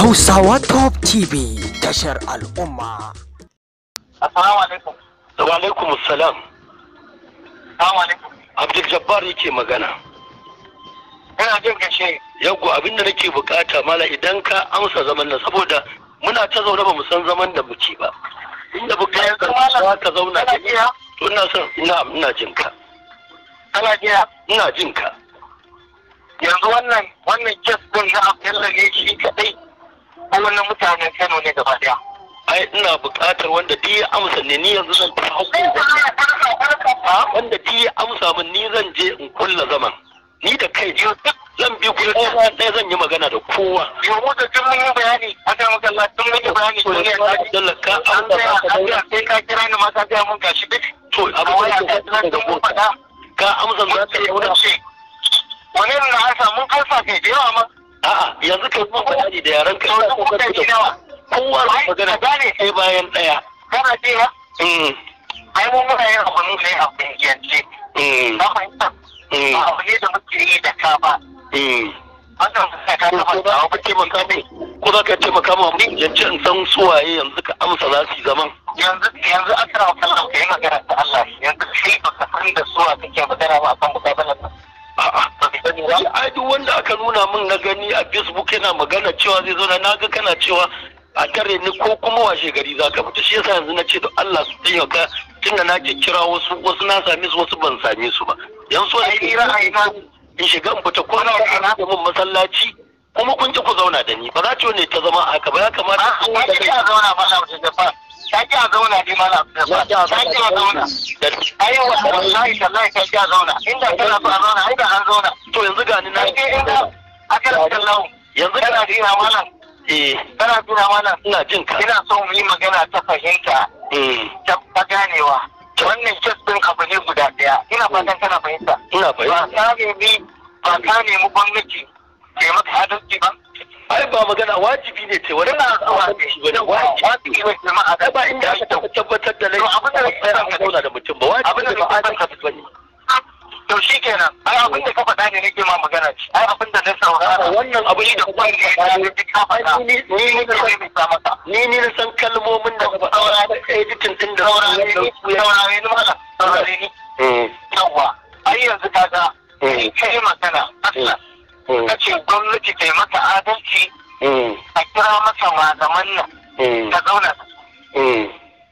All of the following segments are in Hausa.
Hausawa Top TV tashar al'umma. Assalamu alaikum. Wa alaikum assalam. Assalamu alaikum. Abdul Jabbar yake magana. Ina jin gashe. Yau abin da nake bukata mala idan ka amsa zaman nan saboda muna ta zaune ba mu san zaman da muke ba. Inda bukatar za ka zauna da iya. To ina son ina ina jin ka. Ana jiya. Ina jin ka. Yanzu wannan wannan kes din na Abdullahi shi kadai ko wannan mutanen Kano ne gaba daya ai ina buƙatar wanda duk ya amsa ne ni yanzu zan tafi hukunta wanda duk ya amsa min ni zan je in kulla zaman ni da kai zan bi gurin ɗaya ɗaya zan yi magana da kowa. Yomu da tun mun yi bayani a kan makalla tun mun yi bayani to ne a dala ka an da sai ka kira ni ma ka ga mun gashi duk. To abu wani ka zan tun mun faɗa. Ka amsa za ta yi wani. Wani na asa mun an sa da yawa ma. a'a yanzu ka kuma bayani da yaran ka yanzu kuma da kowa da magana gane sai bayan ɗaya. kana ce ba mm. ai mun muna yin abu ne a kungiyance na mm. fahimta mm. ba abu ne da muke yi da ka ba Ku taimaka min, ku za ka taimaka min yanzu in san suwaye yanzu ka amsa za su zaman. Yanzu yanzu an tara Allah ka yi magana da Allah yanzu sai ba ka san da suwa kake magana ba kan bukatar A'a ai duk wanda aka nuna min na gani a facebook yana magana cewa zai zo na ga kana cewa a tare ni ko kuma washe gari za ka fita shi yasa yanzu na ce da Allah su taimaka da na kira wasu wasu na same su wasu ban same su ba yan so da in shiga in fita kwana a min masallaci kuma kun ci ku zauna da ni ba za ta ne ta zama haka ba ya kamata ku zauna ba ta ki a zauna dai mala ta a zauna ai wallahi tallahi ta a zauna inda kana so a zauna ai da an zauna to yanzu ga ni na ke inda aka kallahu yanzu kana dina malam eh kana malam ina jin ka ina so mu yi magana ta fahimta eh ta ganewa wannan kes din abu ne guda daya ina fatan kana fahimta ina fahimta ba ka nemi ba ka nemi gwamnati ke maka adalci ba ai ba magana wajibi ne ce wani na zuwa ne wajibi ne jama'a ai ba inda aka tabbatar da laifi abin da ya sa zauna da mutum ba wajibi ne ba a ka bane to shi kenan ai abin da ka faɗa ne nake ma magana ce ai abin da na saurara wannan abu ne da kuma ne ya ka faɗa ni ni na san ni ni na san kalmomin da ba saurara editin din da saurara ne saurara ne mala saurara ne yawwa ai yanzu kaga mm. kai magana aslan ka eh. ce gwamnati ta maka adalci eh. a kira masa malaman nan eh. ta zauna su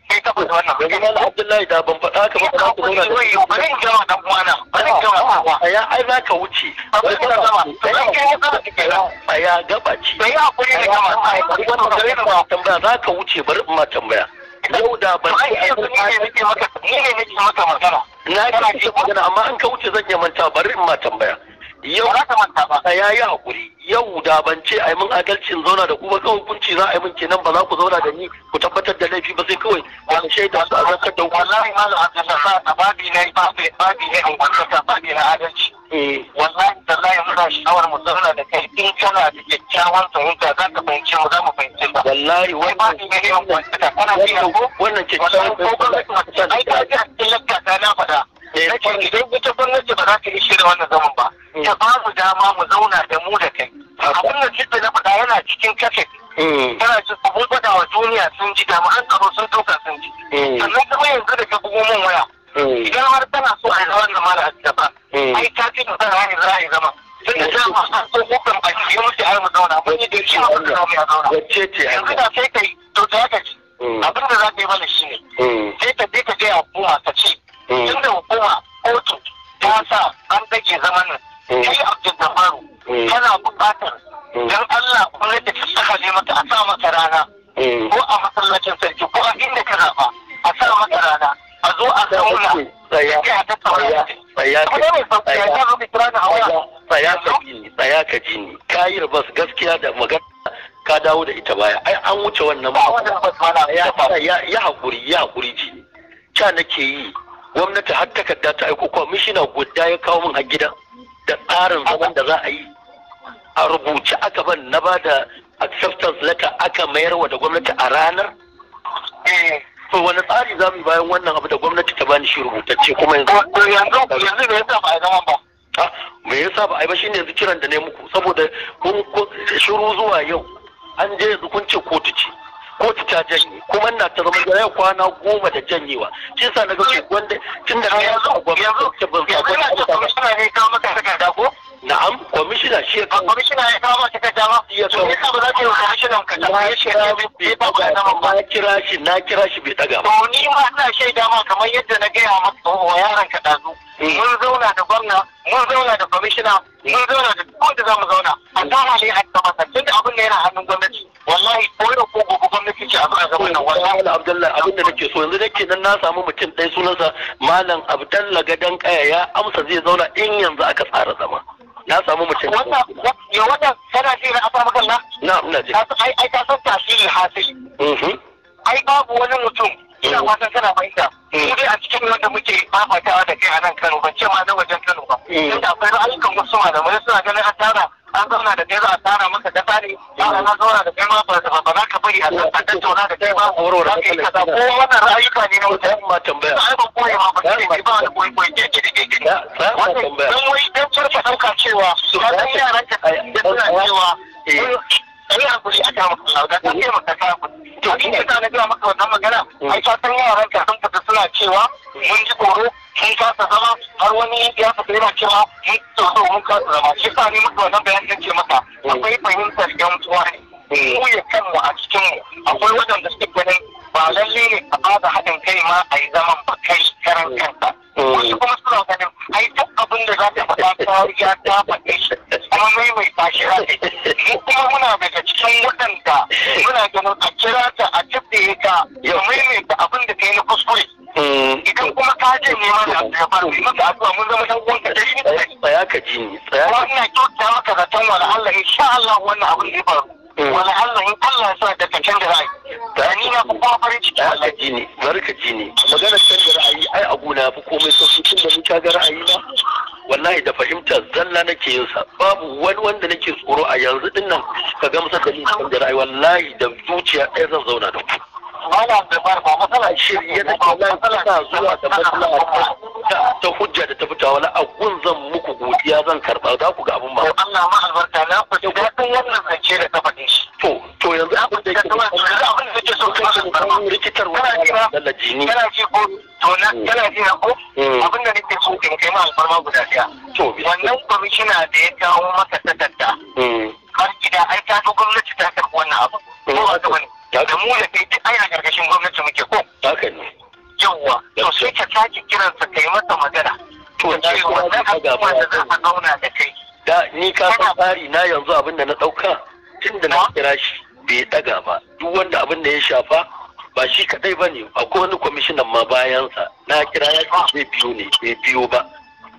sai ka da ban faɗa ba ku zauna da ba zan dan ba zan aya za ka wuce ba ba kai gaba ci da ai tambaya za ka wuce bari in ma tambaya yau da ban ai ne nake maka ni ne nake maka magana na ji magana amma an ka wuce zan yi manta bari in ma tambaya yau ya yi hakuri yau da ban ce ai mun adalcin zauna da kuma kawai hukunci za a mun kenan ba za ku zauna da ni ku tabbatar da laifi ba sai kawai ba mu shaida su a zakar da wallahi malam Abdullahi a babi ne babi ne an kwantata babi na adalci wallahi da za muna shawar mu zauna da kai in kana da kyakkyawan fahimta za ka fahimci mu za mu fahimci ka wallahi wannan wannan kyakkyawan fahimta ai ka ji a cikin lakka na faɗa idan ita gwamnati ba za ta yi shirin wannan zaman ba ya mm. ba mu dama mu zauna da mu da kai abin da cikin na faɗa yana cikin kake. Kana mm. ci abun faɗa wa duniya sun ji jami'an tsaro sun ɗauka sun ji mm. sannan kuma yanzu da ka bugo min waya idan har tana so a yi zaman zama da asibaba ai ta ce da zara ne za a yi zama tun da za dama an so kukan baki ya mutu a mu zauna mun yi da shi ma mutu zamu ya zauna yanzu da sai ka yi to ta yaka ci abin da za ka yi mana shi ne sai ka je ka je a kuma ka ci. tun da hukuma kotu ta sa an dage zaman nan Eh. kai abdul jabaru eh. kana buƙatar eh. dan Allah gwamnati ta saka ne mata a sa mata rana ko a masallacin sarki ko a inda ka zaɓa a sa mata rana a zo a zauna tsaya tsaya tsaya tsaya ka ji ni ka yi rabas gaskiya da magana ka dawo da ita baya ai an wuce wannan ba ya hakuri ya hakuri ji ca nake yi gwamnati har takarda ta aiko kwamishina guda ya kawo min har gidan da tsarin zaman da za a yi a rubuce aka ban na ba da acceptance letter aka wa da gwamnati a ranar eh. to wani tsari za mu bayan wannan abu da gwamnati ta bani shi rubutacce kuma yanzu yanzu me yasa ba a ba ah, me yasa ba ai ba shine yanzu kiran da ne muku saboda kun shiru zuwa yau an je yanzu kun ce kotu ce kotu ta janye kuma ina ta zama yau kwana goma da janyewa shi sa na ga to wanda tun da ya zo gwamnati ban sa gwamnati ne kawo maka takarda ko na'am kwamishina shi ya kawo kwamishina ya kawo maka takarda ba ya kawo ka ba za ka yi kwamishinan ka ta ya shi ya ba ka nama ba na kira shi na kira shi bai daga ba to ni ma ina shaida ma kamar yadda na gaya maka wa yaron ka dazu mun zauna da gwamna mun zauna da kwamishina mun zauna da duk wanda zamu zauna a tsara ne a masa tun da abin da yana hannun gwamnati wallahi ko da ko gobe gwamnati ce abin a zaman nan wallahi Abdullahi abin da nake so yanzu nake nan na samu mutum ɗaya sunansa Malam Abdullahi Gadan Kaya ya amsa zai zauna in yanzu aka tsara zama na samu mutum ya wata kana ji na afa magana na ina ji ai ai ka san tasiri hasili mhm. ai babu wani mutum ina mm. fatan kana fahimta mu mm. dai a cikin wanda muke fafatawa da kai a nan Kano ban ce ma na wajen Kano ba inda mm. akwai ra'ayukan wasu malamai suna ganin an tara an zauna da kai za a tara maka gata ne an zauna da kai ma ba za ka bari a san tauna da kai ba horo da kai kaza ko wannan ra'ayuka ne na wuta ma tambaya ai ba koyi ma ba ne ba da koyi koyi ke ke ke wannan dan wai dan farka dauka cewa su ga yaran ka da suna cewa eh. ai hakuri aka maka da ka ce maka Mai fatan yaran sun fita suna cewa mun ji tsoro mun kasa zama har wani ya fita yana cewa mun tsoro mun kasa zama shi sa ne muka wannan bayanin ce maka akwai fahimtar yan uwa ne mu ya kanmu a cikin mu akwai da suke ganin ba lalle ne a ba da haɗin kai ma a yi zaman ba kai karan kanta wasu kuma suna ganin ai duk abin da za ta faɗa ta riga ta faɗe shi kuma maimaita shi za mu kuma muna daga cikin waɗanda muna ganin a kira ta a jibbe ta ya maimaita abin da ta yi na kuskure mm. idan kuma ka je ma da ta fara yi maka addu'a mun zama ɗan uwanka da shi tsaya ka ji ni tsaya ina kyauta maka zaton wala Allah insha Allah wannan abin zai faru Mm. wani Allah in Allah sa da ka canza ra'ayi da ni na fi kuma farin ciki Allah ji ne barka ji ne magana canza ra'ayi ai abu na fi komai su tun da ni ka ga ra'ayi na wallahi da fahimta zalla nake yin sa babu wani wanda nake tsoro a yanzu dinnan ka ga masa da ni canza ra'ayi wallahi da zuciya ɗaya zan zauna da ku ba matsala ya da kallon tana zuwa da matsala ta hujja da ta fita wani gun zan muku godiya zan karba za ku ga abin ba Allah ma albarka na ku da dadin wannan zance da ka faɗi shi to to yanzu abin da yake abin da yake so kai shi barba rikitar wani dalla jini kana ji ko to na kana ji ko mm. Mm. abin da nake so in kai ma alfarma guda daya to wannan kwamishina da ya kawo maka takarda mm. har gida ai ta zo gwamnati ta karɓi wannan abu eh, ko ba ta bane da mu da kai duk ana karkashin gwamnati muke ko haka ne yawwa to sai ka sake kiransa kai masa magana to ce wannan abubuwa da za a zauna da kai da ni ka san tsari na yanzu abin da na ɗauka tun da na kira shi bai ɗaga ba duk wanda abin da ya shafa ba shi kadai ba ne akwai wani kwamishinan ma bayansa na kira ya ce biyo ne bai biyo ba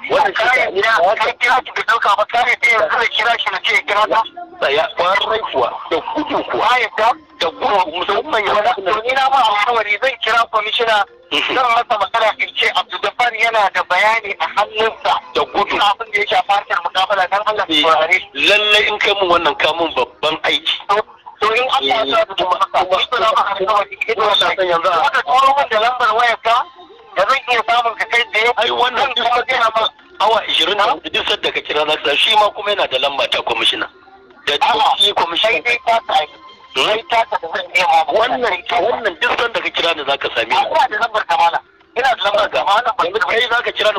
wannan kare ina kai kira ki da dauka ba kare ta yanzu da kira shi na ce kira ta tsaya kwarai kuwa da gudu kuwa ayyuka da gudu musamman ya wada to ina ba zan kira kwamishina mhm. zan masa magana in ce Abdulgafar yana da bayani a hannunsa da gudu abin da ya shafa mukabala dan Allah ya saurare lalle in kai mun wannan kamun babban aiki to in Allah ya sa eh, kuma kuma kuma, kuma, kuma, kuma, kuma, kuma, aka kuma, kuma, kuma, lambar wayarka ba zan iya samun ka kai da ya ai wannan duk ma awa 20 na shi da lamba ta kwamishina da hmm? duk kwamishina sai ta ta ina da lambar kamala ina da lambar kamala ba kai zaka kira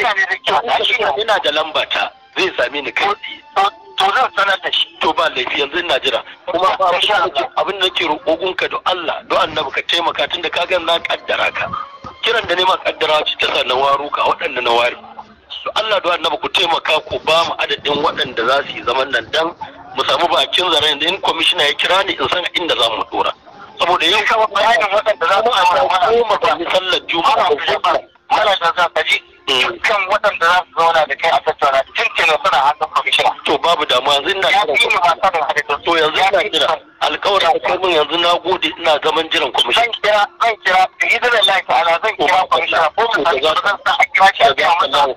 ne da kyau ina da lamba ta zai same ni kai to zan sanar da shi to ba laifi yanzu ina jira kuma abin da nake ka da Allah do annabi ka taimaka tunda ka ga na kaddara ka kiran da nema kaddara ce ta sa na waro ka waɗanda na wari su Allah do annabi ku taimaka ku ba mu adadin waɗanda za su yi zaman nan dan mu samu bakin zaren in commissioner ya kira ni in san inda za mu dora saboda yau kawai waɗanda za mu samu ba mu sallar juma'a ko ba mu sallar juma'a dukkan waɗanda za su zauna da kai a tattauna ne suna hannun kwamishina. To babu damuwa yanzu ina kira. To yanzu ina kira. Alƙawarin hukumin yanzu na gode ina zaman jiran kwamishina. Zan kira zan kira bi izinin Allah ta'ala zan kira kwamishina ko mu san zan sa a kira shi a gaya masa.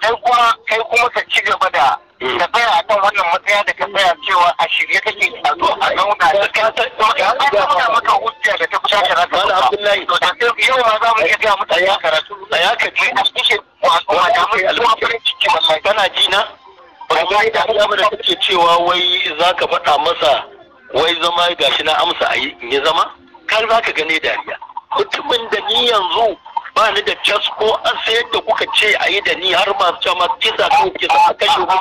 Kai kuma kai kuma ka ci gaba da hmm. ka tsaya a kan wannan matsaya da ka tsaya cewa a shirye kake a zo a zauna da kai. Ka tsaya maka hutu. da ta kusa shara ta Abdullahi yau ma za mu iya ga mutane karatu a ya ka ji asbishin wa da mun farin ciki kana ji na wallahi da da kake cewa wai zaka faɗa masa wai zama gashi na amsa a yi zama kar zaka gane dariya mutumin da ni yanzu ba ni da cas ko an sai yadda kuka ce a yi da ni har masu cewa kisa ko kisa a kashe ku.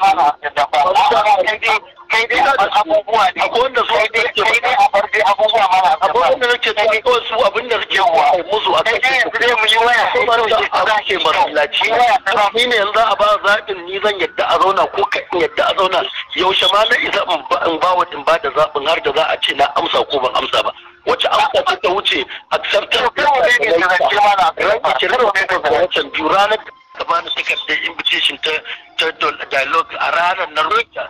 Kai dai abubuwa ne. Akwai wanda su ake abubuwa mana abubuwan da nake gani kawai su abin da suke wa musu a kai eh, eh, sai mu yi waya ko ba za a zace masallaci ni ne yanzu a ba zaɓin ni zan yadda a zauna ko ka yadda a zauna yaushe ma na isa in ba wa in ba da zaɓin har da za a ce na amsa ko ban amsa ba wacce amsa ta ta wuce acceptance da wancan biyu ranar da ba bani takardar invitation ta dialogue a ranar na roƙa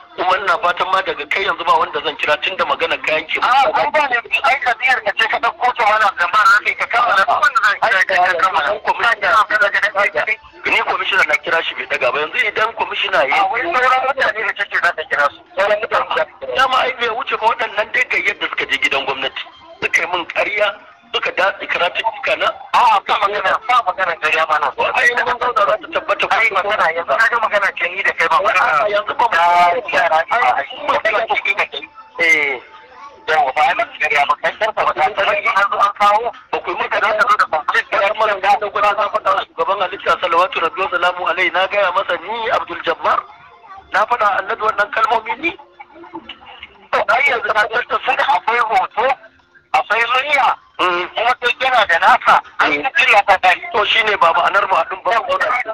kuma na fatan ma daga kai yanzu ba wanda zan kira tun da magana ka yanke ba. a ah, ai ba ne ai kadiyar ka ce ka dauko ta mana da ba za ka kammala ba wanda zan kira ka kammala ni kwamishina na kira shi bai daga ba yanzu idan kwamishina ya a ah, wani sauran mutane da kake za ka kira su sauran mutane da ma ai bai wuce ba waɗannan dai gayyar yadda suka je gidan gwamnati suka yi min ƙarya strategic na a ba magana ba magana gariya ba na so ai mun zo da tabbata kai magana yanzu na ga magana ce ni da kai ba magana yanzu ba mu yara ai da kai eh ba ai gariya ba kai karfa ba ta rage an zo an kawo ba ku mun kana ta zo da kwamfani kamar mun ga da gudan za shugaban salawatu salamu na gaya masa ni abdul jabbar na faɗa annabi wannan kalmomi ni ai yanzu na da nasa an eh. yi kira kokari to shine babu anar mu ba ba